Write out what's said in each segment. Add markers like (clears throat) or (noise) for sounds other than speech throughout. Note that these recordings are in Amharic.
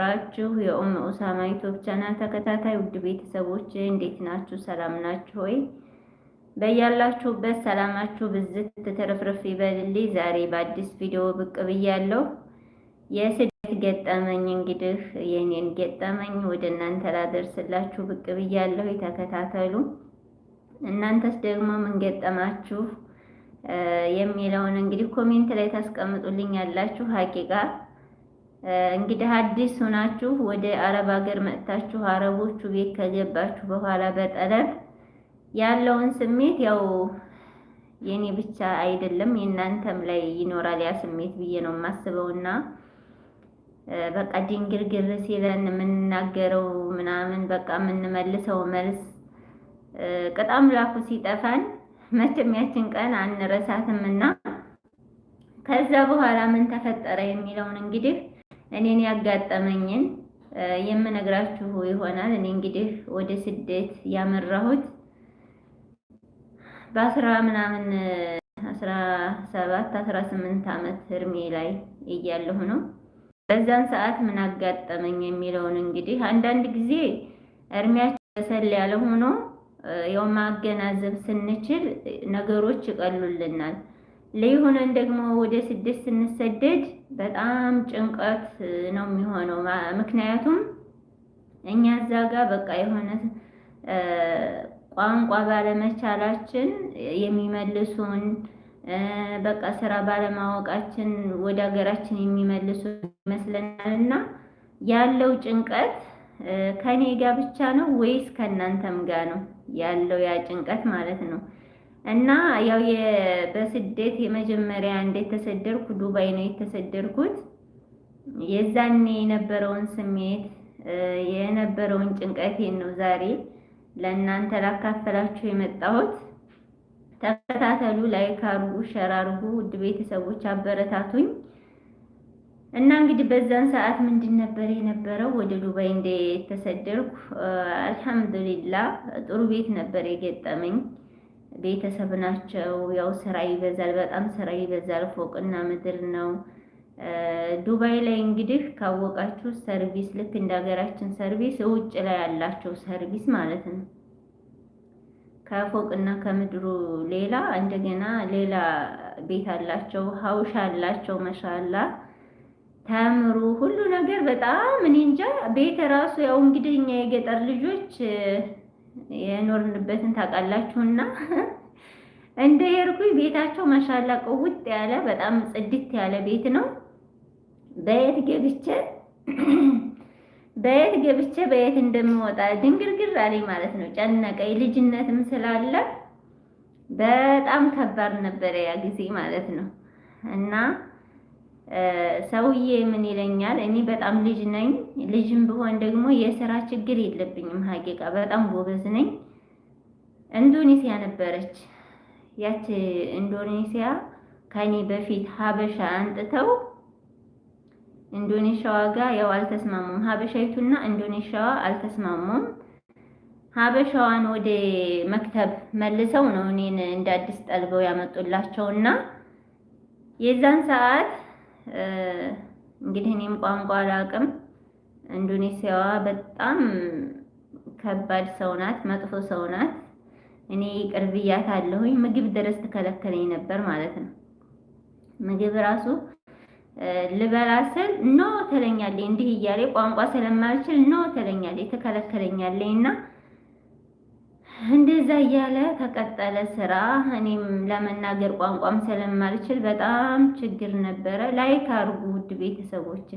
ራችሁ የኡም ኡሳማ ዩቲዩብ ቻናል ተከታታይ ውድ ቤተሰቦች እንዴት ናችሁ? ሰላም ናችሁ ሆይ? በያላችሁበት ሰላማችሁ ብዝት ትትርፍርፍ ይበልልኝ። ዛሬ በአዲስ ቪዲዮ ብቅ ብያለሁ። የስደት ገጠመኝ እንግዲህ የኔን ገጠመኝ ወደ እናንተ ላደርስላችሁ ብቅ ብያለሁ። ተከታተሉ። እናንተስ ደግሞ ምን ገጠማችሁ የሚለውን እንግዲህ ኮሜንት ላይ ታስቀምጡልኝ ያላችሁ ሀቂቃ እንግዲህ አዲስ ሆናችሁ ወደ አረብ ሀገር መጥታችሁ አረቦቹ ቤት ከገባችሁ በኋላ በጠለብ ያለውን ስሜት ያው የኔ ብቻ አይደለም የእናንተም ላይ ይኖራል ያ ስሜት ብዬ ነው የማስበውና በቃ ድንግርግር ሲለን የምንናገረው ምናምን በቃ የምንመልሰው መልስ ቅጣም ላኩ ሲጠፋን መቼም ያችን ቀን አንረሳትምና ከዛ በኋላ ምን ተፈጠረ የሚለውን እንግዲህ እኔን ያጋጠመኝን የምነግራችሁ ይሆናል። እኔ እንግዲህ ወደ ስደት ያመራሁት በአስራ ምናምን አስራ ሰባት አስራ ስምንት ዓመት እድሜ ላይ እያለሁ ነው። በዛን ሰዓት ምን አጋጠመኝ የሚለውን እንግዲህ አንዳንድ ጊዜ እድሜያችን ተሰል ያለ ሆኖ ያው ማገናዘብ ስንችል ነገሮች ይቀሉልናል። ለይሆነን ደግሞ ወደ ስደት ስንሰደድ በጣም ጭንቀት ነው የሚሆነው። ምክንያቱም እኛ እዛ ጋር በቃ የሆነ ቋንቋ ባለመቻላችን የሚመልሱን በቃ ስራ ባለማወቃችን ወደ ሀገራችን የሚመልሱ ይመስለናል። እና ያለው ጭንቀት ከኔ ጋር ብቻ ነው ወይስ ከእናንተም ጋር ነው ያለው ያ ጭንቀት ማለት ነው? እና ያው በስደት የመጀመሪያ ተሰደርኩ ዱባይ ነው የተሰደርኩት። የዛኔ የነበረውን ስሜት የነበረውን ጭንቀቴን ነው ዛሬ ለእናንተ ላካፈላችሁ የመጣሁት። ተከታተሉ፣ ላይክ አርጉ፣ ሸር አርጉ፣ ውድ ቤተሰቦች አበረታቱኝ። እና እንግዲህ በዛን ሰዓት ምንድን ነበር የነበረው ወደ ዱባይ እንደተሰደርኩ አልሐምዱሊላ ጥሩ ቤት ነበር የገጠመኝ ቤተሰብ ናቸው። ያው ስራ ይበዛል፣ በጣም ስራ ይበዛል። ፎቅና ምድር ነው። ዱባይ ላይ እንግዲህ ካወቃችሁ ሰርቪስ ልክ እንደ ሀገራችን ሰርቪስ ውጭ ላይ ያላቸው ሰርቪስ ማለት ነው። ከፎቅና ከምድሩ ሌላ እንደገና ሌላ ቤት አላቸው፣ ሀውሽ አላቸው። መሻላ ተምሩ ሁሉ ነገር በጣም እኔ እንጃ ቤት ራሱ ያው እንግዲህ እኛ የገጠር ልጆች የኖርንበትን ታውቃላችሁና (laughs) እንደ ሄድኩኝ ቤታቸው ማሻላ ቀውጥ ያለ በጣም ጽድት ያለ ቤት ነው። በየት ገብቼ (clears throat) በየት ገብቼ በየት እንደምወጣ ድንግርግር አለኝ ማለት ነው። ጨነቀኝ። ልጅነትም ስላለ በጣም ከባድ ነበረ ያ ጊዜ ማለት ነው እና ሰውዬ ምን ይለኛል? እኔ በጣም ልጅ ነኝ። ልጅም ብሆን ደግሞ የስራ ችግር የለብኝም። ሀቂቃ በጣም ጎበዝ ነኝ። ኢንዶኔሲያ ነበረች ያች ኢንዶኔሲያ ከኔ በፊት ሀበሻ አንጥተው ኢንዶኔሻዋ ጋር ያው አልተስማሙም። ሀበሻይቱና እንዶኔሻዋ አልተስማሙም። ሀበሻዋን ወደ መክተብ መልሰው ነው እኔን እንደ አዲስ ጠልበው ያመጡላቸውና የዛን ሰዓት እንግዲህ እኔም ቋንቋ አላውቅም። ኢንዶኔሲያዋ በጣም ከባድ ሰው ናት፣ መጥፎ ሰው ናት። እኔ ቅርብያት ብያት አለሁኝ። ምግብ ድረስ ትከለከለኝ ነበር ማለት ነው። ምግብ ራሱ ልበላ ስል ኖ ትለኛለች። እንዲህ እያለ ቋንቋ ስለማልችል ኖ ትለኛለች፣ ትከለከለኛለች እና እንደዛ እያለ ተቀጠለ ስራ። እኔም ለመናገር ቋንቋም ስለማልችል በጣም ችግር ነበረ። ላይክ አድርጉ ውድ ቤተሰቦች፣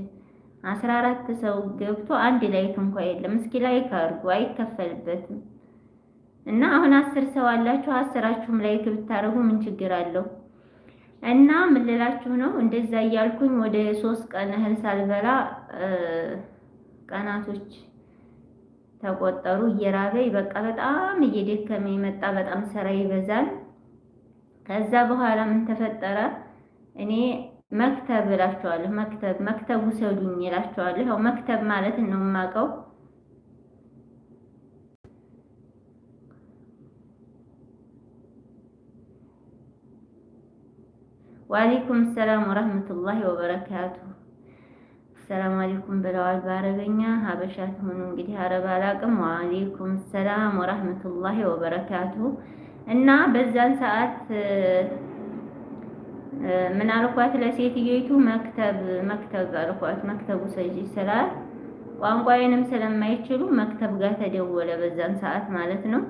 አስራ አራት ሰው ገብቶ አንድ ላይክ እንኳ የለም። እስኪ ላይክ ካርጉ አይከፈልበትም። እና አሁን አስር ሰው አላችሁ፣ አስራችሁም ላይክ ብታደርጉ ምን ችግር አለው? እና ምን ልላችሁ ነው፣ እንደዛ እያልኩኝ ወደ ሶስት ቀን እህል ሳልበላ ቀናቶች ተቆጠሩ። እየራበኝ በቃ በጣም እየደከመ መጣ። በጣም ስራ ይበዛል። ከዛ በኋላ ምን ተፈጠረ? እኔ መክተብ እላቸዋለሁ። መክተብ መክተብ ውሰዱኝ እላቸዋለሁ። ያው መክተብ ማለት ነው የማውቀው። ወአለይኩም ሰላም ወረህመቱላሂ ወበረካቱ ሰላም አለይኩም ብለዋል። በአረበኛ ሀበሻ ትሆኑ እንግዲህ አረብ አላቅም። ወአለይኩም ሰላም ወራህመቱላሂ ወበረካቱ እና በዛን ሰዓት ምን አልኳት ለሴትዮይቱ መክተብ መክተብ አልኳት። መክተቡ ሰጂ ስላል ቋንቋዬንም ስለማይችሉ መክተብ ጋር ተደወለ። በዛን ሰዓት ማለት ነው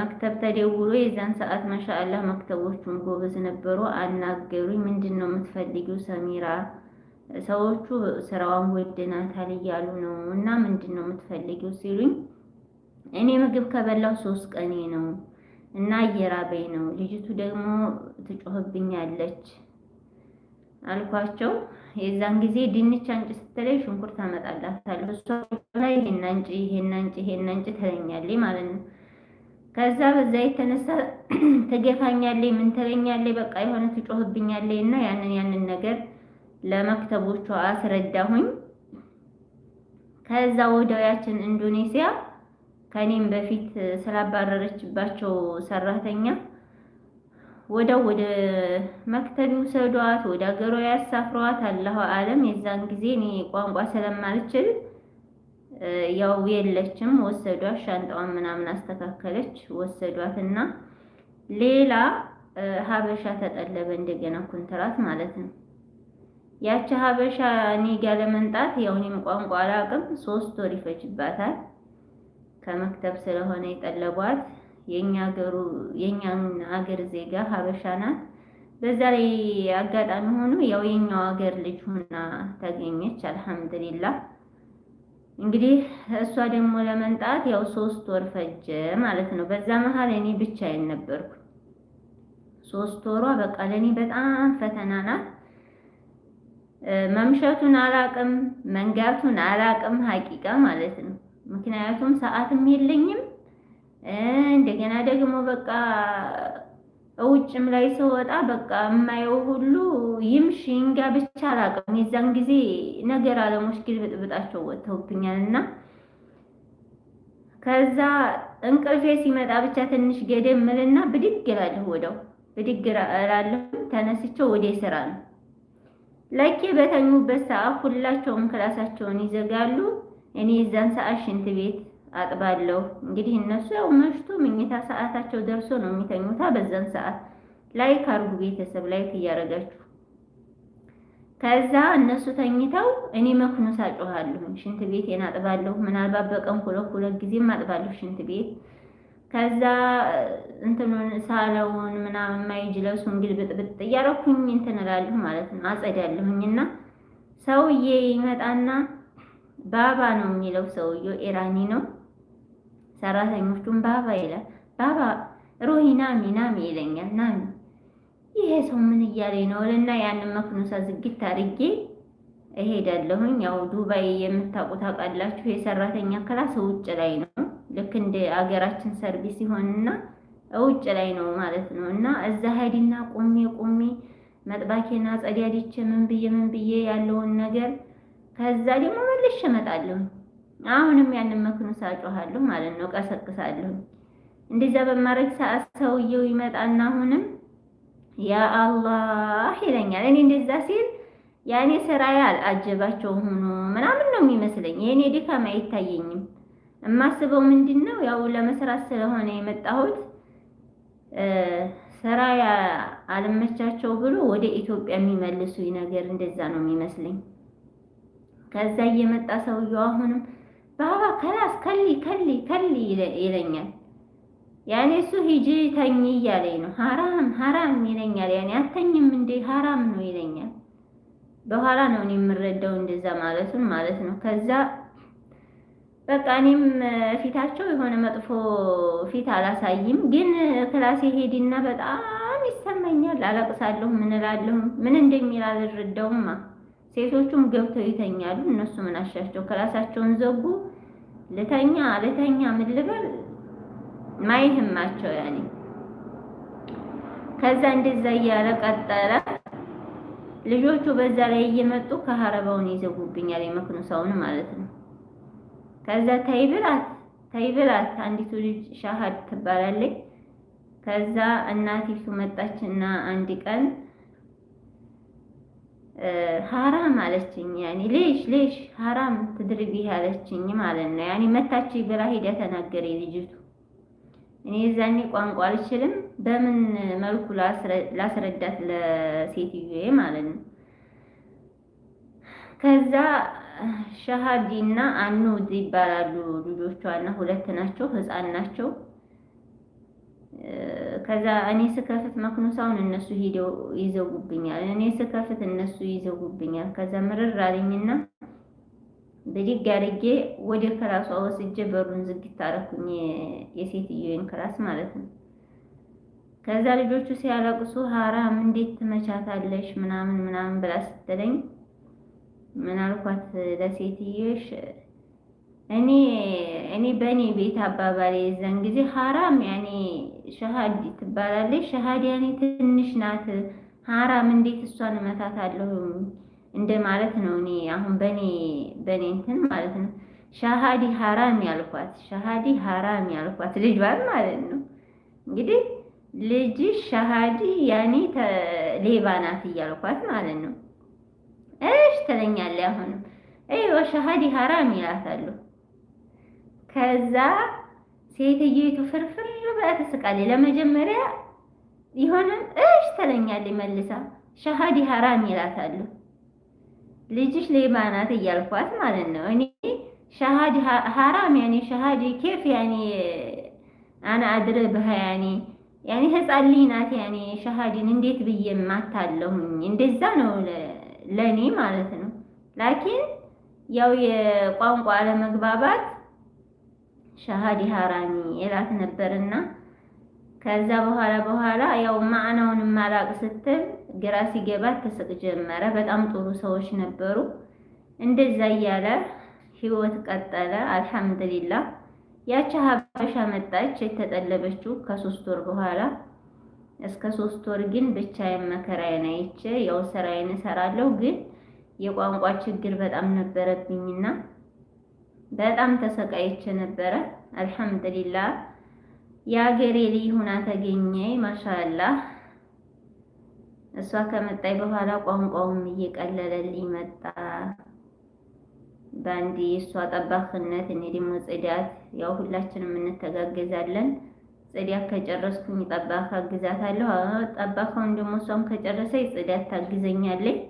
መክተብ ተደውሎ የዛን ሰዓት ማሻአላህ መክተቦቹን ጎበዝ ነበሩ። አናገሩኝ። ምንድን ነው የምትፈልጊው ሰሚራ ሰዎቹ ስራዋን ወደናታል እያሉ ነው። እና ምንድን ነው የምትፈልጊው ሲሉኝ እኔ ምግብ ከበላው ሶስት ቀኔ ነው እና እየራበኝ ነው። ልጅቱ ደግሞ ትጮህብኛለች አልኳቸው። የዛን ጊዜ ድንች አንጭ ስትለይ ሽንኩርት አመጣላታለሁ። እሷ ላይ ይሄን አንጭ፣ ይሄን አንጭ፣ ይሄን አንጭ ትለኛለች ማለት ነው። ከዛ በዛ የተነሳ (clears throat) ትገፋኛለች፣ ምን ትለኛለች፣ በቃ የሆነ ትጮህብኛለች እና ያንን ያንን ነገር ለመክተቦቿ አስረዳሁኝ። ከዛ ወዳያችን ኢንዶኔሲያ ከኔም በፊት ስላባረረችባቸው ሰራተኛ ወዳው ወደ መክተብ ይውሰዷት፣ ወደ ሀገሯ ያሳፍሯት። አላሁ አለም። የዛን ጊዜ እኔ ቋንቋ ስለማልችል ያው የለችም። ወሰዷት፣ ሻንጣዋን ምናምን አስተካከለች። ወሰዷትና ሌላ ሀበሻ ተጠለበ እንደገና ኩንትራት ማለት ነው። ያቺ ሀበሻ እኔ ጋር ለመምጣት ያው እኔም ቋንቋ አላውቅም፣ ሶስት ወር ይፈጅባታል። ከመክተብ ስለሆነ የጠለቧት የኛ ሀገሩ የኛን ሀገር ዜጋ ሀበሻ ናት። በዛ ላይ አጋጣሚ ሆኖ ያው የኛው ሀገር ልጅ ሆና ተገኘች። አልሐምዱሊላ እንግዲህ እሷ ደግሞ ለመንጣት ያው ሶስት ወር ፈጀ ማለት ነው። በዛ መሀል እኔ ብቻዬን ነበርኩ። ሶስት ወሯ በቃ ለእኔ በጣም ፈተና ናት። መምሸቱን አላቅም፣ መንጋቱን አላቅም ሀቂቃ ማለት ነው። ምክንያቱም ሰዓትም የለኝም እንደገና ደግሞ በቃ ውጭም ላይ ስወጣ በቃ የማየው ሁሉ ይምሽ ይንጋ ብቻ አላቅም። የዛን ጊዜ ነገር አለሙሽኪል ብጥብጣቸው ወጥተውብኛል እና ከዛ እንቅልፌ ሲመጣ ብቻ ትንሽ ገደምልና ብድግ እላለሁ፣ ወዲያው ብድግ እላለሁ። ተነስቼ ወደ ስራ ነው ለኬ በተኙበት ሰዓት ሁላቸውም ክላሳቸውን ይዘጋሉ። እኔ የዛን ሰዓት ሽንት ቤት አጥባለሁ። እንግዲህ እነሱ ያው መሽቶ ምኝታ ሰዓታቸው ደርሶ ነው የሚተኙታ። በዛን ሰዓት ላይክ አድርጉ ቤተሰብ፣ ላይክ እያደረጋችሁ ከዛ እነሱ ተኝተው እኔ መክኖስ አጮኋለሁ፣ ሽንት ቤቴን አጥባለሁ። ምናልባት በቀን ሁለት ሁለት ጊዜም አጥባለሁ ሽንት ቤት ከዛ እንትኑን ሳለውን ምናምን ማይጅ ለብሱ እንግዲህ ብጥብጥ እያረኩኝ እንትን እላለሁ ማለት ነው። አጸዳለሁኝ እና ሰውዬ ይመጣና ባባ ነው የሚለው ሰውዬው ኢራኒ ነው። ሰራተኞቹም ባባ ይላል። ባባ ሩሂ ናሚ ናሚ ይለኛል። ናሚ ይሄ ሰው ምን እያለ ነው ልና ያንን መክኖሳ ዝግት አድርጌ እሄዳለሁኝ። ያው ዱባይ የምታውቁ ታውቃላችሁ፣ የሰራተኛ ክላስ ውጭ ላይ ነው ልክ እንደ አገራችን ሰርቪስ ይሆንና ውጭ ላይ ነው ማለት ነው። እና እዛ ሄድና ቁሜ ቁሜ መጥባኬና ጸዳድቼ ምን ብዬ ምን ብዬ ያለውን ነገር ከዛ ደግሞ መልሼ እመጣለሁ። አሁንም ያንን መክኑ ሳጮኋለሁ ማለት ነው፣ ቀሰቅሳለሁ። እንደዛ በማድረግ ሰዓት ሰውየው ይመጣና አሁንም ያ አላህ ይለኛል። እኔ እንደዛ ሲል ያኔ ስራዬ አጀባቸው ሆኖ ምናምን ነው የሚመስለኝ። የእኔ ድካም አይታየኝም። የማስበው ምንድን ነው ያው ለመስራት ስለሆነ የመጣሁት ስራ አልመቻቸው ብሎ ወደ ኢትዮጵያ የሚመልሱ ነገር እንደዛ ነው የሚመስለኝ። ከዛ እየመጣ ሰውየው አሁንም ባባ ከላስ ከሊ ከሊ ከሊ ይለኛል። ያኔ እሱ ሂጂ ተኝ እያለኝ ነው። ሀራም ሀራም ይለኛል። ያኔ አተኝም እንዴ ሀራም ነው ይለኛል። በኋላ ነው እኔ የምረዳው እንደዛ ማለቱን ማለት ነው። ከዛ በቃ እኔም ፊታቸው የሆነ መጥፎ ፊት አላሳይም፣ ግን ክላሴ ሄድና በጣም ይሰማኛል። አለቅሳለሁ፣ ምን እላለሁ፣ ምን እንደሚል አልረዳውማ። ሴቶቹም ገብተው ይተኛሉ። እነሱ ምን አሻቸው? ክላሳቸውን ዘጉ። ልተኛ ልተኛ ምን ልበል ማይህማቸው ያኔ። ከዛ እንደዛ እያለ ቀጠለ። ልጆቹ በዛ ላይ እየመጡ ከሀረባውን ይዘጉብኛል፣ ሰውን ማለት ነው ከዛ ተይብላት ተይብላት አንዲቱ ልጅ ሻሃድ ትባላለች። ከዛ እናቲቱ መጣችና አንድ ቀን ሀራም አለችኝ። ያኔ ሌሽ ሌሽ ሀራም ትድርቢ ያለችኝ ማለት ነው። ያኔ መታች ብላ ሄዳ ተናገረ ልጅቱ። እኔ የዛኔ ቋንቋ አልችልም፣ በምን መልኩ ላስረዳት ለሴትዮዬ ማለት ነው። ከዛ ሻሃዲ እና አኑድ ይባላሉ ልጆቿ እና ሁለት ናቸው፣ ህፃን ናቸው። ከዛ እኔ ስከፍት መክኑሳውን እነሱ ሂደው ይዘጉብኛል፣ እኔ ስከፍት እነሱ ይዘጉብኛል። ከዛ ምርር አለኝና ብድግ አድርጌ ወደ ክላሷ ወስጄ በሩን ዝግት አደረኩኝ፣ የሴትዮን ክላስ ማለት ነው። ከዛ ልጆቹ ሲያለቅሱ ሀራም እንዴት ትመቻታለሽ ምናምን ምናምን ብላ ስትለኝ ምን አልኳት ለሴትዮሽ እኔ እኔ በእኔ ቤት አባባል የዛን ጊዜ ሀራም ያኔ ሸሃድ ትባላለች። ሸሃድ ያኔ ትንሽ ናት። ሀራም እንዴት እሷን እመታታለሁ እንደ ማለት ነው። እኔ አሁን በእኔ በእኔ እንትን ማለት ነው። ሻሃዲ ሀራም ያልኳት ሻሃዲ ሀራም ያልኳት ልጇን ማለት ነው። እንግዲህ ልጅ ሻሃዲ ያኔ ሌባ ናት እያልኳት ማለት ነው። እሽ ትለኛለች። አሁንም አይዋ ሻሃዲ ሀራም ይላታሉ። ከዛ ሴትዮይቱ ፍርፍር ብላ ትስቃለች። ለመጀመሪያ ይሆንም እሽ ትለኛለች መልሳ ሻሃዲ ሀራም ይላታሉ። ልጅሽ ሌባ ናት እያልኳት ማለት ነው እኔ ሻሃዲ ሀራም ያኔ ሻሃዲ ኬፍ ያኔ አና አድረ በሃ ያኔ ያኔ ህፃን ልጅ ናት ያኔ ሻሃዲን እንዴት ብዬ ማታለሁኝ እንደዛ ነው ለኔ ማለት ነው። ላኪን ያው የቋንቋ አለመግባባት ሻሃዲ ሀራሚ የላት ነበርና ከዛ በኋላ በኋላ ያው ማዕናውን ማላቅ ስትል ግራ ሲገባት ትስቅ ጀመረ። በጣም ጥሩ ሰዎች ነበሩ። እንደዛ እያለ ህይወት ቀጠለ። አልሐምዱሊላህ ያቺ ሀበሻ መጣች የተጠለበችው ከሶስት ወር በኋላ እስከ ሶስት ወር ግን ብቻዬን መከራዬን አይቼ ያው ስራዬን እሰራለሁ። ግን የቋንቋ ችግር በጣም ነበረብኝና በጣም ተሰቃይቼ ነበረ። አልሐምዱሊላህ የአገሬ ልጅ ሁና ተገኘ። ማሻአላህ እሷ ከመጣይ በኋላ ቋንቋውም እየቀለለልኝ መጣ። በአንድ እሷ ጠባክነት እኔ ደግሞ ጽዳት፣ ያው ሁላችንም እንተጋገዛለን። ጽዳት ከጨረስኩኝ ጠባካ አግዛታለሁ። ጠባካውን ደግሞ እሷም ከጨረሰ ጽዳት ታግዘኛለች።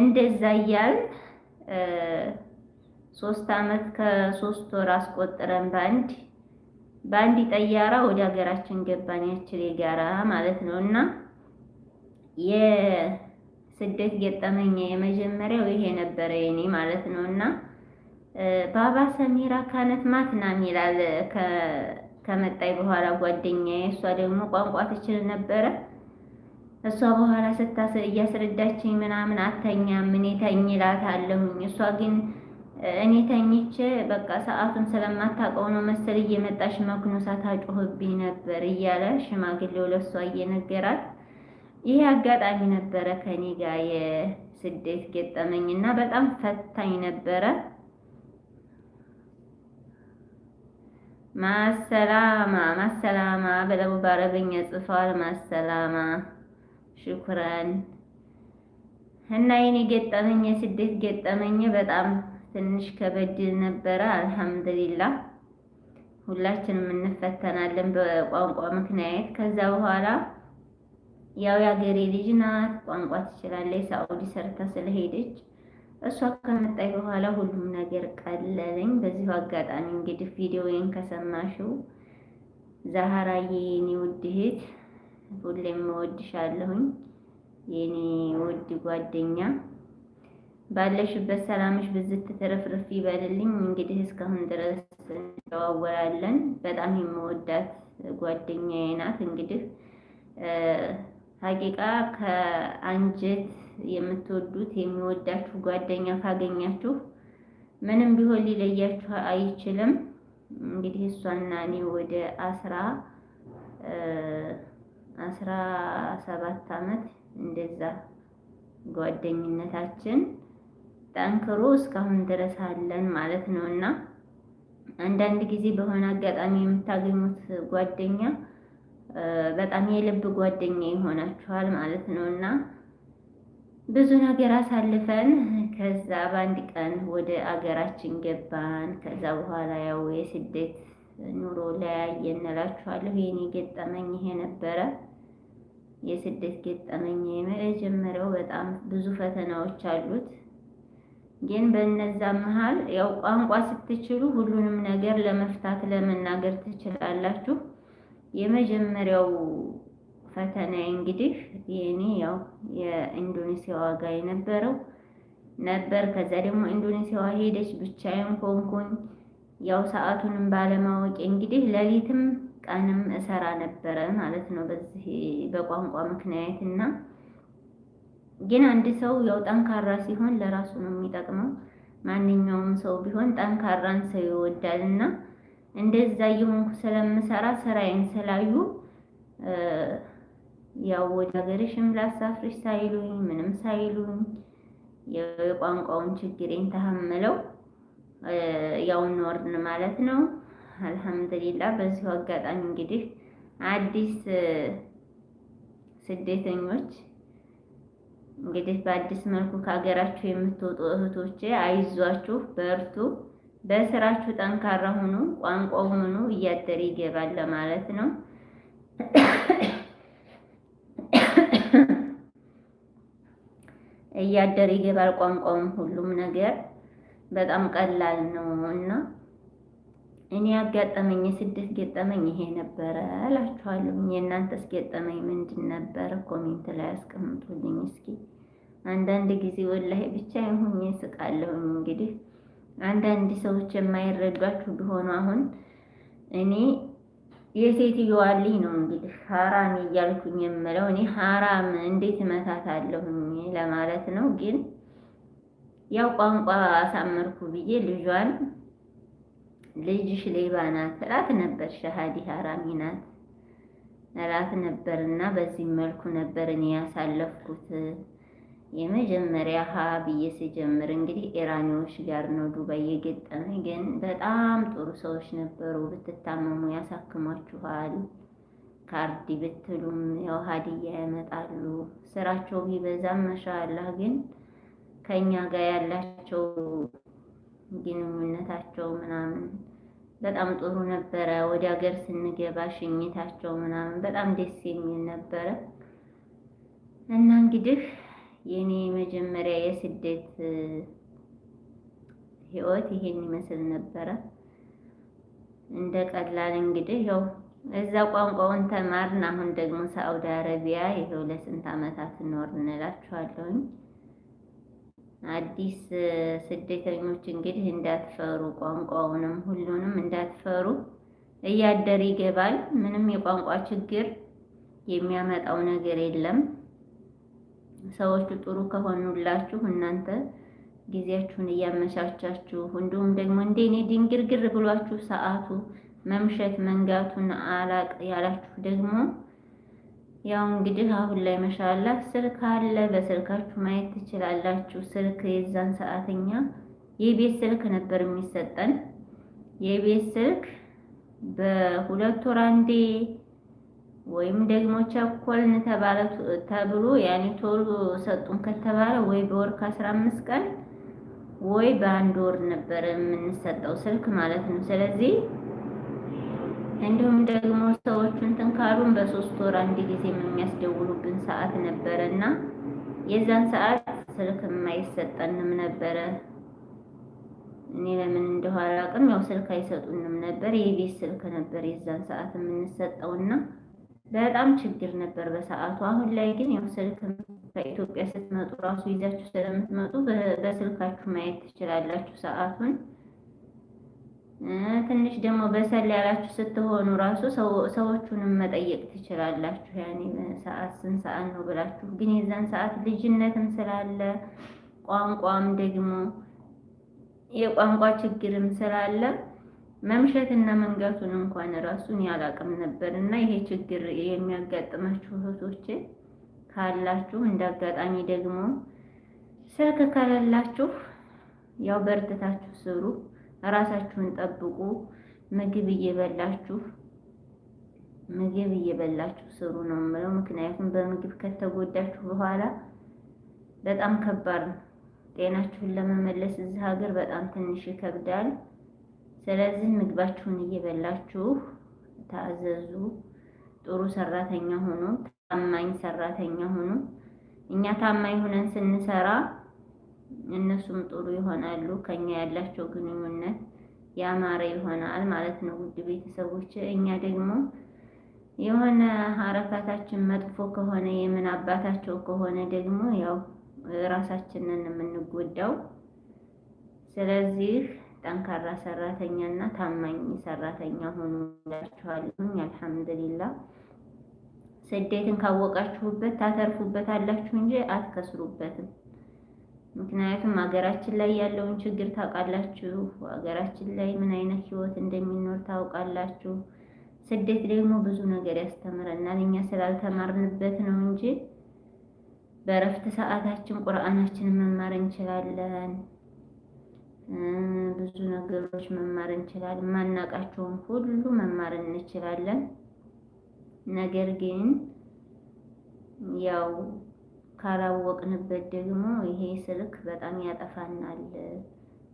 እንደዛ እያልን ሶስት አመት ከሶስት ወር አስቆጥረን በአንድ በአንድ ጠያራ ወደ ሀገራችን ገባን። ያችል የጋራ ማለት ነው እና የስደት ገጠመኛ የመጀመሪያው ይሄ ነበረ የኔ ማለት ነው እና ባባ ሰሚራ ካነት ማትናም ይላል ከመጣይ በኋላ ጓደኛዬ እሷ ደግሞ ቋንቋ ትችል ነበረ። እሷ በኋላ ስታስ እያስረዳችኝ ምናምን አተኛም እኔ ተኝ እላታለሁኝ። እሷ ግን እኔ ተኝቼ በቃ ሰዓቱን ስለማታውቀው ነው መሰል እየመጣሽ መክኖ ሳታጮህብኝ ነበር እያለ ሽማግሌው ለእሷ እየነገራት ይሄ አጋጣሚ ነበረ ከኔ ጋር የስደት ገጠመኝ እና በጣም ፈታኝ ነበረ። ማሰላማ ማሰላማ ብለው በአረብኛ ጽፈዋል። ማሰላማ ሽኩራን እና የኔ ገጠመኝ የስደት ገጠመኝ በጣም ትንሽ ከበድ ነበረ። አልሐምዱሊላህ ሁላችንም እንፈተናለን በቋንቋ ምክንያት። ከዛ በኋላ ያው የአገሬ ልጅ ናት፣ ቋንቋ ትችላለች። ሳኡዲ ሰርታ ስለሄደች እሷ ከመጣች በኋላ ሁሉም ነገር ቀለለኝ። በዚሁ አጋጣሚ እንግዲህ ቪዲዮዬን ከሰማሽው ዛህራዬ የኔ ውድ እህት ሁሌም እወድሻለሁኝ የኔ ውድ ጓደኛ ባለሽበት ሰላምሽ ብዝት ትርፍርፍ ይበልልኝ። እንግዲህ እስካሁን ድረስ እንጨዋወራለን። በጣም የምወዳት ጓደኛዬ ናት እንግዲህ ሀቂቃ ከአንጀት የምትወዱት የሚወዳችሁ ጓደኛ ካገኛችሁ ምንም ቢሆን ሊለያችሁ አይችልም። እንግዲህ እሷና እኔ ወደ አስራ አስራ ሰባት አመት እንደዛ ጓደኝነታችን ጠንክሮ እስካሁን ድረስ አለን ማለት ነው እና አንዳንድ ጊዜ በሆነ አጋጣሚ የምታገኙት ጓደኛ በጣም የልብ ጓደኛ ይሆናችኋል ማለት ነው እና ብዙ ነገር አሳልፈን ከዛ በአንድ ቀን ወደ አገራችን ገባን። ከዛ በኋላ ያው የስደት ኑሮ ለያየን እላችኋለሁ። የኔ ገጠመኝ ይሄ ነበረ፣ የስደት ገጠመኝ። የመጀመሪያው በጣም ብዙ ፈተናዎች አሉት፣ ግን በእነዛ መሀል ያው ቋንቋ ስትችሉ ሁሉንም ነገር ለመፍታት ለመናገር ትችላላችሁ። የመጀመሪያው ፈተና እንግዲህ የኔ ያው የኢንዶኔሲያ ጋር የነበረው ነበር። ከዛ ደግሞ ኢንዶኔሲያዋ ሄደች፣ ብቻዬን ኮንኩኝ። ያው ሰዓቱንም ባለማወቅ እንግዲህ ሌሊትም ቀንም እሰራ ነበረ ማለት ነው በዚህ በቋንቋ ምክንያት እና ግን አንድ ሰው ያው ጠንካራ ሲሆን ለራሱ ነው የሚጠቅመው። ማንኛውም ሰው ቢሆን ጠንካራን ሰው ይወዳል እና እንደዛ እየሆንኩ ስለምሰራ ስራዬን ስላዩ ያው ወደ ሀገርሽም ላሳፍርሽ ሳይሉኝ ምንም ሳይሉኝ የቋንቋውን ችግሬን ተሐምለው ያው ኖርን ማለት ነው። አልሐምዱሊላህ። በዚሁ አጋጣሚ እንግዲህ አዲስ ስደተኞች እንግዲህ በአዲስ መልኩ ከሀገራችሁ የምትወጡ እህቶቼ አይዟችሁ፣ በርቱ። በስራችሁ ጠንካራ ሁኑ፣ ቋንቋው ምኑ እያደር ይገባል ለማለት ነው። (coughs) እያደር ይገባል ቋንቋውም፣ ሁሉም ነገር በጣም ቀላል ነው እና እኔ ያጋጠመኝ የስደት ገጠመኝ ይሄ ነበረ እላችኋለሁ። የእናንተስ ገጠመኝ ምንድን ነበረ? ኮሜንት ላይ አስቀምጡልኝ እስኪ። አንዳንድ ጊዜ ወላሂ ብቻ ይሁን ስቃለሁ እንግዲህ አንዳንድ ሰዎች የማይረዷችሁ ቢሆኑ አሁን እኔ የሴትዮዋ ልጅ ነው እንግዲህ ሀራም እያልኩኝ የምለው እኔ ሀራም እንዴት አለሁኝ ለማለት ነው። ግን ያው ቋንቋ አሳመርኩ ብዬ ልጇን ልጅሽ ሌባ ናት እላት ነበር፣ ሸሃዲ ሀራሚ ናት እላት ነበር። እና በዚህ መልኩ ነበር እኔ ያሳለፍኩት። የመጀመሪያ ሀ ብዬ ስጀምር እንግዲህ ኢራኒዎች ጋር ነው ዱባይ የገጠመ። ግን በጣም ጥሩ ሰዎች ነበሩ። ብትታመሙ ያሳክሟችኋል፣ ካርድ ብትሉም ያው ሀዲያ ያመጣሉ። ስራቸው ቢበዛም መሻላህ ግን ከእኛ ጋር ያላቸው ግንኙነታቸው ምናምን በጣም ጥሩ ነበረ። ወደ ሀገር ስንገባ ሽኝታቸው ምናምን በጣም ደስ የሚል ነበረ እና እንግዲህ የኔ መጀመሪያ የስደት ህይወት ይሄን ይመስል ነበረ። እንደ ቀላል እንግዲህ ያው እዛ ቋንቋውን ተማርን። አሁን ደግሞ ሳዑዲ አረቢያ ይሄው ለስንት አመታት ኖር እንላችኋለሁኝ። አዲስ ስደተኞች እንግዲህ እንዳትፈሩ፣ ቋንቋውንም ሁሉንም እንዳትፈሩ። እያደር ይገባል። ምንም የቋንቋ ችግር የሚያመጣው ነገር የለም። ሰዎቹ ጥሩ ከሆኑላችሁ እናንተ ጊዜያችሁን እያመቻቻችሁ እንዲሁም ደግሞ እንደ እኔ ድንግርግር ብሏችሁ ሰዓቱ መምሸት መንጋቱን አላቅ ያላችሁ ደግሞ ያው እንግዲህ አሁን ላይ መሻላ ስልክ አለ። በስልካችሁ ማየት ትችላላችሁ። ስልክ የዛን ሰዓተኛ የቤት ስልክ ነበር የሚሰጠን የቤት ስልክ በሁለት ወር አንዴ ወይም ደግሞ ቸኮልን ተባለ ተብሎ ያኔ ቶሎ ሰጡን ከተባለ ወይ በወር ከአስራ አምስት ቀን ወይ በአንድ ወር ነበር የምንሰጠው ስልክ ማለት ነው። ስለዚህ እንዲሁም ደግሞ ሰዎቹን ትንካሉን በሶስት ወር አንድ ጊዜ የሚያስደውሉብን ሰዓት ነበረ እና የዛን ሰዓት ስልክ የማይሰጠንም ነበረ። እኔ ለምን እንደሆነ አላውቅም። ያው ስልክ አይሰጡንም ነበር። የቤት ስልክ ነበር የዛን ሰዓት የምንሰጠውና በጣም ችግር ነበር በሰዓቱ። አሁን ላይ ግን ያው ስልክ ከኢትዮጵያ ስትመጡ ራሱ ይዛችሁ ስለምትመጡ በስልካችሁ ማየት ትችላላችሁ ሰዓቱን። ትንሽ ደግሞ በሰል ያላችሁ ስትሆኑ ራሱ ሰዎቹንም መጠየቅ ትችላላችሁ። ያኔ ሰዓት ስንት ሰዓት ነው ብላችሁ። ግን የዛን ሰዓት ልጅነትም ስላለ ቋንቋም ደግሞ የቋንቋ ችግርም ስላለ መምሸትና መንጋቱን እንኳን ራሱን ያላቅም ነበር እና ይሄ ችግር የሚያጋጥማችሁ እህቶች ካላችሁ እንዳጋጣሚ ደግሞ ስልክ ከሌላችሁ ያው በርትታችሁ ስሩ፣ ራሳችሁን ጠብቁ። ምግብ እየበላችሁ ምግብ እየበላችሁ ስሩ ነው የምለው። ምክንያቱም በምግብ ከተጎዳችሁ በኋላ በጣም ከባድ ነው። ጤናችሁን ለመመለስ እዚህ ሀገር በጣም ትንሽ ይከብዳል። ስለዚህ ምግባችሁን እየበላችሁ ታዘዙ። ጥሩ ሰራተኛ ሆኑ ታማኝ ሰራተኛ ሆኑ እኛ ታማኝ ሆነን ስንሰራ እነሱም ጥሩ ይሆናሉ። ከኛ ያላቸው ግንኙነት ያማረ ይሆናል ማለት ነው። ውድ ቤተሰቦች፣ እኛ ደግሞ የሆነ አረፋታችን መጥፎ ከሆነ የምን አባታቸው ከሆነ ደግሞ ያው ራሳችንን የምንጎዳው ስለዚህ ጠንካራ ሰራተኛ እና ታማኝ ሰራተኛ ሆኑ ላችኋለሁኝ። አልሐምዱሊላህ ስደትን ካወቃችሁበት ታተርፉበት አላችሁ እንጂ አትከስሩበትም። ምክንያቱም ሀገራችን ላይ ያለውን ችግር ታውቃላችሁ። ሀገራችን ላይ ምን አይነት ህይወት እንደሚኖር ታውቃላችሁ። ስደት ደግሞ ብዙ ነገር ያስተምረናል። እኛ ስላልተማርንበት ነው እንጂ በረፍት ሰዓታችን ቁርአናችንን መማር እንችላለን። ብዙ ነገሮች መማር እንችላለን። ማናቃቸውን ሁሉ መማር እንችላለን። ነገር ግን ያው ካላወቅንበት ደግሞ ይሄ ስልክ በጣም ያጠፋናል።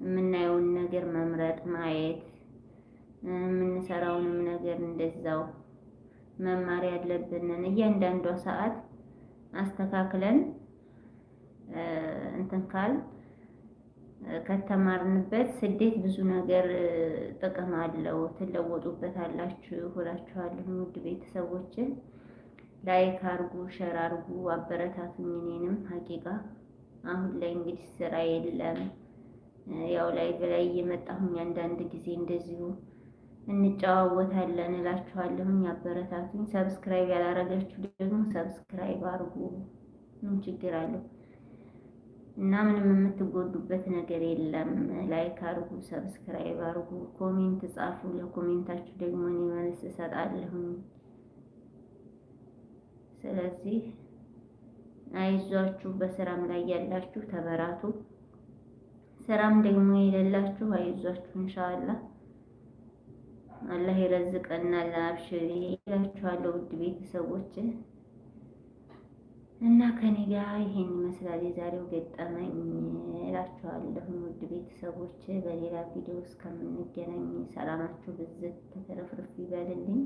የምናየውን ነገር መምረጥ ማየት፣ የምንሰራውንም ነገር እንደዛው መማር ያለብንን እያንዳንዷ ሰዓት አስተካክለን እንትን ካል ከተማርንበት ስደት ብዙ ነገር ጥቅም አለው፣ ትለወጡበት አላችሁ እላችኋለሁ። ውድ ቤተሰቦችን ላይክ አርጉ፣ ሸር አርጉ፣ አበረታቱኝ። እኔንም ሀቂቃ አሁን ላይ እንግዲህ ስራ የለም ያው ላይ በላይ እየመጣሁኝ አንዳንድ ጊዜ እንደዚሁ እንጨዋወታለን እላችኋለሁኝ። አበረታቱኝ። ሰብስክራይብ ያላረጋችሁ ደግሞ ሰብስክራይብ አርጉ። ምን ችግር አለው? እና ምንም የምትጎዱበት ነገር የለም። ላይክ አርጉ፣ ሰብስክራይብ አርጉ፣ ኮሜንት ጻፉ። ለኮሜንታችሁ ደግሞ እኔ መልስ እሰጣለሁኝ። ስለዚህ አይዟችሁ፣ በስራም ላይ ያላችሁ ተበራቱ፣ ስራም ደግሞ የሌላችሁ አይዟችሁ። እንሻላ አላህ ይረዝቀና አብሽር ይላችኋለሁ ውድ ቤተሰቦችን እና ከኔ ጋር ይሄን ይመስላል የዛሬው ገጠመኝ እላችኋለሁ። ውድ ቤተሰቦች በሌላ ቪዲዮ እስከምንገናኝ ሰላማችሁ ብዝት ተተረፍርፍ ይበልልኝ።